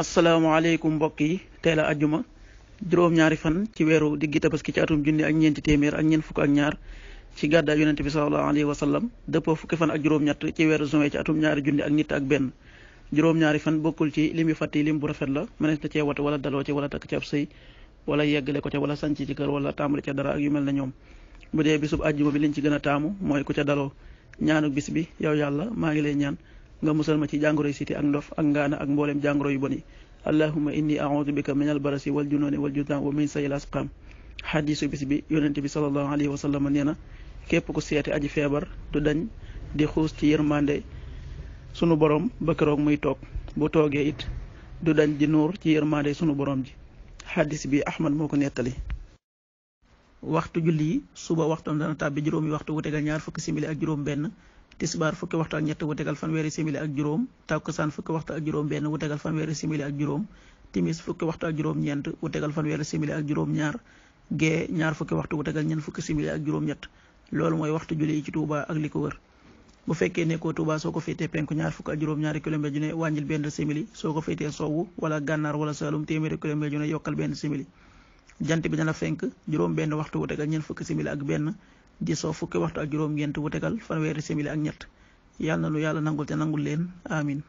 asalaamaaleykum mbokk yi tey la ajjuma juróom-ñaari fan ci weeru diggi tabaski ci atum junni ak ñeenti téeméer ak ñeent fukk ak ñaar ci gàddaay yonente bi sallallahu alayhi wa sallam dëppoo fukki fan ak juróom-ñett ci weeru juin ci atum ñaari junni ak nit ak benn juróom-ñaari fan bokkul ci lim yu fàtte yi lim bu rafet la mënees na cee wat wala daloo ci wala takk ci ab sëy wala yeggale ko ca wala sanc ci kër wala tàmbali ca dara ak yu mel na ñoom bu dee bisub ajjuma bi liñ ci gën a taamu mooy ku ca daloo ñaanuk bis bi yow yàlla maa ngi lay ñaan nga musal ma ci jàngoroy siti ak ndof ak ngaana ak mbooleem jàngoro yu bon yi allahuma inni audu bika min albarasi wal junooni wal jutaan wa min sayil asqaam xadiisu bis bi yonente bi salallahu alayhi wa sallam nee na képp ku seeti aji feebar du di xuus ci yërmande sunu borom ba keroog muy toog bu toogee it du dañ di nuur ci yërmande sunu borom ji xadis bi ahmad moo ko nettali waxtu julli yi suba waxtam dana tàbbi juróomi waxtu wutegal ñaar fukki simili ak juróom benn tisbaar fukki waxtu ak ñett wu tegal fanweeri simili ak juróom takkusaan fukki waxtu ak juróom ak juróom timis fukki waxtu ak juróom ñeent wu tegal fanweeri simili ak juróom ñaar gee ñaar fukki waxtu wu tegal ñeent fukki simili ak juróom ñett loolu mooy waxtu julli yi Touba ak li ko wër bu fekkee nekkoo Touba soo ko féetee ñaar fukk ak juróom ñaari kilomètre ju ne wàññil benn simili soo ko féetee sowwu wala gànnaar wala saalum téeméeri kilomètre ju ne yokkal jant bi dana fenk juróom benn waxtu wu tegal ñeent fukki simili ak benn gisoo fukki waxtu ak juróom-ñeent bu tegal fanweeri simili ak ñett yàlla na lu yàlla nangul te nangul leen amin